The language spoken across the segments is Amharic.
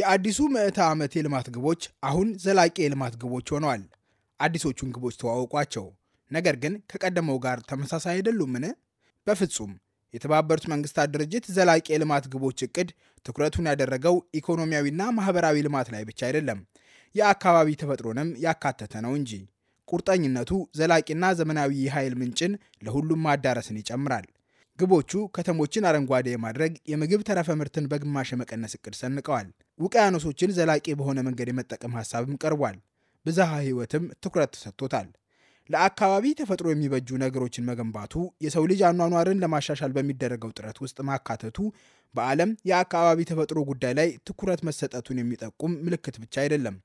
የአዲሱ ምዕተ ዓመት የልማት ግቦች አሁን ዘላቂ የልማት ግቦች ሆነዋል። አዲሶቹን ግቦች ተዋውቋቸው፣ ነገር ግን ከቀደመው ጋር ተመሳሳይ አይደሉምን? በፍጹም። የተባበሩት መንግስታት ድርጅት ዘላቂ የልማት ግቦች እቅድ ትኩረቱን ያደረገው ኢኮኖሚያዊና ማህበራዊ ልማት ላይ ብቻ አይደለም፣ የአካባቢ ተፈጥሮንም ያካተተ ነው እንጂ። ቁርጠኝነቱ ዘላቂና ዘመናዊ የኃይል ምንጭን ለሁሉም ማዳረስን ይጨምራል። ግቦቹ ከተሞችን አረንጓዴ የማድረግ የምግብ ተረፈ ምርትን በግማሽ የመቀነስ እቅድ ሰንቀዋል። ውቅያኖሶችን ዘላቂ በሆነ መንገድ የመጠቀም ሀሳብም ቀርቧል። ብዝሃ ሕይወትም ትኩረት ተሰጥቶታል። ለአካባቢ ተፈጥሮ የሚበጁ ነገሮችን መገንባቱ የሰው ልጅ አኗኗርን ለማሻሻል በሚደረገው ጥረት ውስጥ ማካተቱ በዓለም የአካባቢ ተፈጥሮ ጉዳይ ላይ ትኩረት መሰጠቱን የሚጠቁም ምልክት ብቻ አይደለም።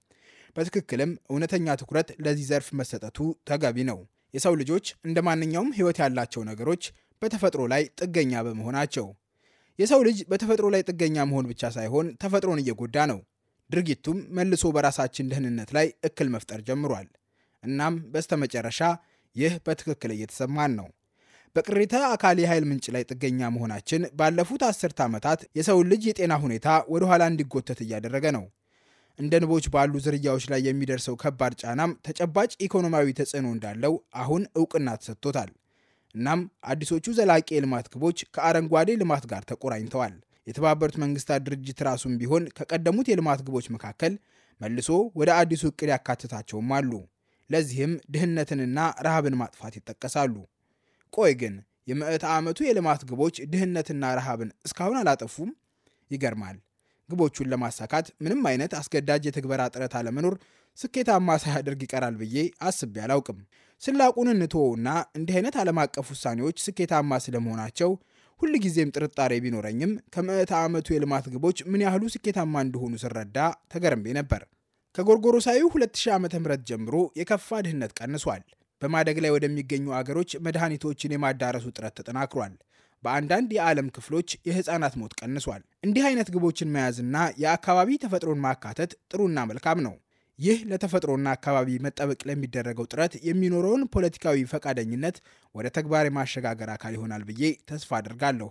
በትክክልም እውነተኛ ትኩረት ለዚህ ዘርፍ መሰጠቱ ተገቢ ነው። የሰው ልጆች እንደ ማንኛውም ሕይወት ያላቸው ነገሮች በተፈጥሮ ላይ ጥገኛ በመሆናቸው። የሰው ልጅ በተፈጥሮ ላይ ጥገኛ መሆን ብቻ ሳይሆን ተፈጥሮን እየጎዳ ነው። ድርጊቱም መልሶ በራሳችን ደህንነት ላይ እክል መፍጠር ጀምሯል። እናም በስተመጨረሻ ይህ በትክክል እየተሰማን ነው። በቅሪተ አካል የኃይል ምንጭ ላይ ጥገኛ መሆናችን ባለፉት አስርተ ዓመታት የሰውን ልጅ የጤና ሁኔታ ወደ ኋላ እንዲጎተት እያደረገ ነው። እንደ ንቦች ባሉ ዝርያዎች ላይ የሚደርሰው ከባድ ጫናም ተጨባጭ ኢኮኖሚያዊ ተጽዕኖ እንዳለው አሁን እውቅና ተሰጥቶታል። እናም አዲሶቹ ዘላቂ የልማት ግቦች ከአረንጓዴ ልማት ጋር ተቆራኝተዋል። የተባበሩት መንግስታት ድርጅት ራሱም ቢሆን ከቀደሙት የልማት ግቦች መካከል መልሶ ወደ አዲሱ እቅድ ያካትታቸውም አሉ። ለዚህም ድህነትንና ረሃብን ማጥፋት ይጠቀሳሉ። ቆይ ግን የምዕተ ዓመቱ የልማት ግቦች ድህነትና ረሃብን እስካሁን አላጠፉም? ይገርማል። ግቦቹን ለማሳካት ምንም አይነት አስገዳጅ የትግበራ ጥረት አለመኖር ስኬታማ ሳያደርግ ይቀራል ብዬ አስቤ አላውቅም። ስላቁን እንትወውና እንዲህ አይነት ዓለም አቀፍ ውሳኔዎች ስኬታማ ስለመሆናቸው ሁልጊዜም ጥርጣሬ ቢኖረኝም ከምዕተ ዓመቱ የልማት ግቦች ምን ያህሉ ስኬታማ እንደሆኑ ስረዳ ተገርሜ ነበር። ከጎርጎሮሳዊ 2000 ዓ ም ጀምሮ የከፋ ድህነት ቀንሷል። በማደግ ላይ ወደሚገኙ አገሮች መድኃኒቶችን የማዳረሱ ጥረት ተጠናክሯል። በአንዳንድ የዓለም ክፍሎች የህፃናት ሞት ቀንሷል። እንዲህ አይነት ግቦችን መያዝና የአካባቢ ተፈጥሮን ማካተት ጥሩና መልካም ነው። ይህ ለተፈጥሮና አካባቢ መጠበቅ ለሚደረገው ጥረት የሚኖረውን ፖለቲካዊ ፈቃደኝነት ወደ ተግባር የማሸጋገር አካል ይሆናል ብዬ ተስፋ አድርጋለሁ።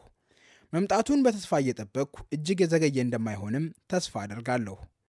መምጣቱን በተስፋ እየጠበቅኩ እጅግ የዘገየ እንደማይሆንም ተስፋ አድርጋለሁ።